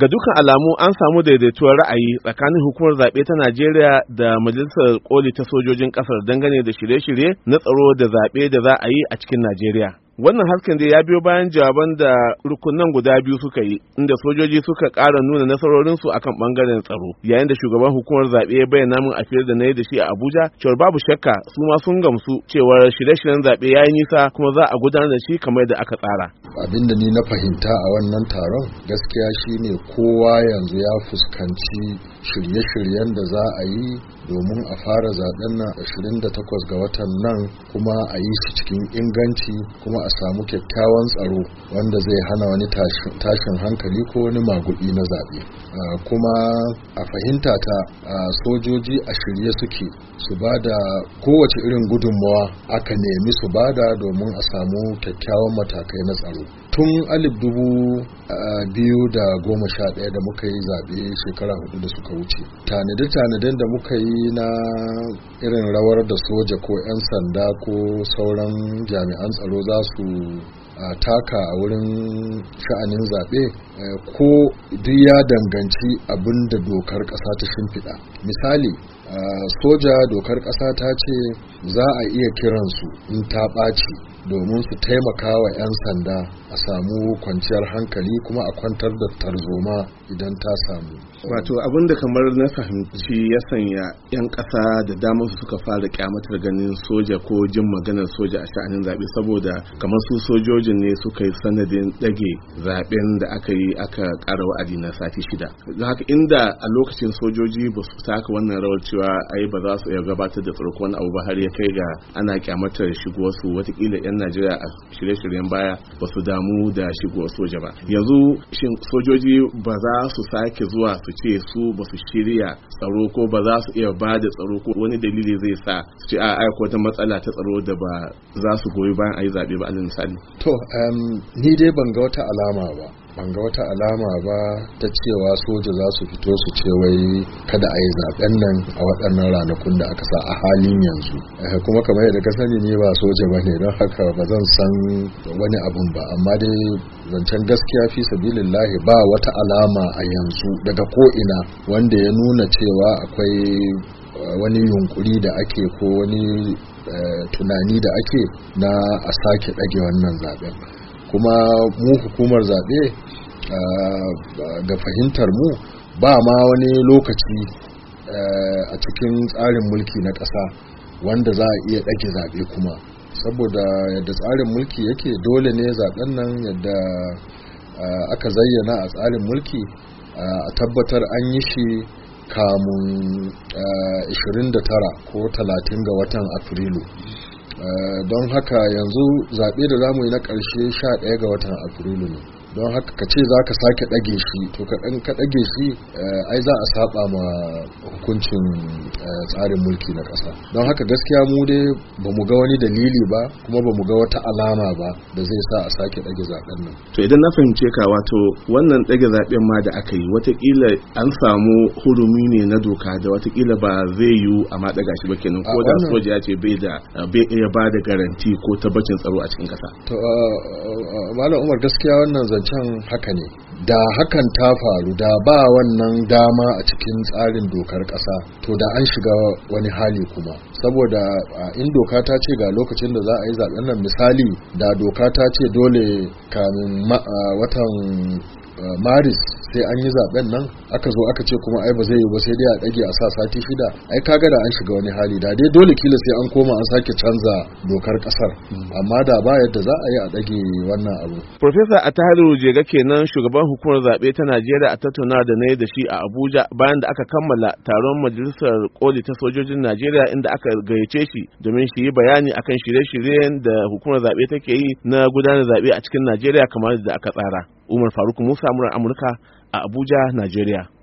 ga dukkan alamu an samu daidaituwar ra'ayi tsakanin hukumar zaɓe ta najeriya da majalisar koli ta sojojin ƙasar dangane da shirye-shirye na tsaro da zaɓe da za a yi a cikin najeriya wannan hasken dai ya biyo bayan jawaban da rukunan guda biyu suka yi inda sojoji suka ƙara nuna nasarorinsu akan ɓangaren tsaro yayin da shugaban hukumar zaɓe ya bayyana min a da na yi da shi a abuja cewar babu shakka su ma sun gamsu cewar shirye-shiryen zaɓe ya yi nisa kuma za a gudanar da shi kamar da aka tsara abinda ni na fahimta a wannan taron gaskiya shine kowa yanzu ya fuskanci shirye-shiryen da za a yi domin a fara zaben nan 28 ga watan nan kuma a yi shi cikin inganci kuma a samu kyakkyawan tsaro wanda zai hana wani tashin hankali ko wani magudi na zaɓe kuma a fahimta ta sojoji a shirye suke su ba da kowace irin gudunmawa aka nemi su ba da domin a samu kyakkyawan matakai na tsaro tun alif dubu biyu da goma sha ɗaya da muka yi zaɓe shekara hudu da suka wuce tanade-tanaden da muka yi na irin rawar da soja ko 'yan sanda ko sauran jami'an tsaro za su taka a wurin sha'anin zaɓe ko duk ya danganci abin da dokar ƙasa ta shimfiɗa misali soja dokar ƙasa ta ce za a iya kiransu in ta ɓaci domin su taimaka wa 'yan sanda a samu kwanciyar hankali kuma a kwantar da tarzoma idan ta samu wato abinda kamar na fahimci ya sanya 'yan ƙasa da damar suka fara kyamatar ganin soja ko jin maganar soja a sha'anin zaɓe saboda kamar su sojojin ne suka yi sanadin ɗage zaɓen da aka yi aka ƙara wa'adi na sati shida inda a lokacin sojoji ba su taka wannan rawar cewa ai ba za su iya gabatar da farko wani abu ba har ya kai ga ana kyamatar shigo su watakila yan najeriya a shirye-shiryen baya ba su damu da shigo soja ba yanzu shin sojoji ba za su sake zuwa su ce su ba su shirya tsaro ko ba za su iya ba da tsaro ko wani dalili zai sa su ce a ko wata matsala ta tsaro da ba za su goyi bayan a yi zaɓe ba alal misali to ni dai ban ga wata alama ba ban ga wata alama ba ta cewa soja za su fito su ce wai kada a yi zaben nan a waɗannan ranakun da aka sa a halin yanzu eh, kuma kamar yadda ka sani ni ba soja ba ne don haka ba zan san wani abun ba amma dai zancen gaskiya fi sabilillahi ba wata alama a yanzu daga ko ina wanda ya nuna cewa akwai eh, wani yunkuri da ake ko wani eh, tunani da ake na a sake ɗage wannan zaben kuma mu hukumar zaɓe ga fahimtar mu ba ma wani lokaci a cikin tsarin mulki na ƙasa wanda za a iya ɗage zaɓe kuma saboda yadda tsarin mulki yake dole ne zaɓen nan yadda aka zayyana a tsarin mulki a tabbatar an yi shi kamun 29 ko 30 ga watan afrilu Eh, don haka yanzu zaɓe da zamu yi na ƙarshe 11 ga watan afrilu ne don haka ka ce za ka sake ɗage shi to ka ɗan ka ɗage shi eh, ai za a saba ma hukuncin eh, tsarin mulki na ƙasa don haka gaskiya mu dai ba mu ga wani dalili ba kuma ba mu ga wata alama ba da zai sa a sake ɗage zaɓen nan to idan na fahimce ka wato wannan ɗage zaɓen ma da aka yi watakila an samu hurumi ne na doka da watakila ba zai yiwu a ma ɗaga shi ba kenan ko da soja ya ce bai da bai iya ba da garanti ko tabbacin tsaro a cikin ƙasa to eh, malam umar gaskiya wannan zan zancen haka ne da hakan ta faru da ba wannan dama a cikin tsarin dokar kasa to da an shiga wani hali kuma saboda in doka ta ce ga lokacin da za a yi zaben nan misali da doka ta ce dole kamin watan Eh, maris sai an yi zaben nan aka zo aka ce kuma ai ba zai yi ba sai dai a dage a sa sati shida ai kaga da an shiga wani hali da dai dole kila sai an koma an sake canza dokar kasar hmm. amma da ba yadda za a yi a dage wannan abu professor atahiru jega kenan shugaban hukumar zabe ta najeriya a tattauna da na da shi a abuja bayan da aka kammala taron majalisar koli ta sojojin najeriya inda aka gayyace shi domin shi yi bayani akan shirye-shiryen da hukumar zabe take yi na gudanar zabe a cikin najeriya kamar da aka tsara umar faruk musa murar amurka a abuja nigeria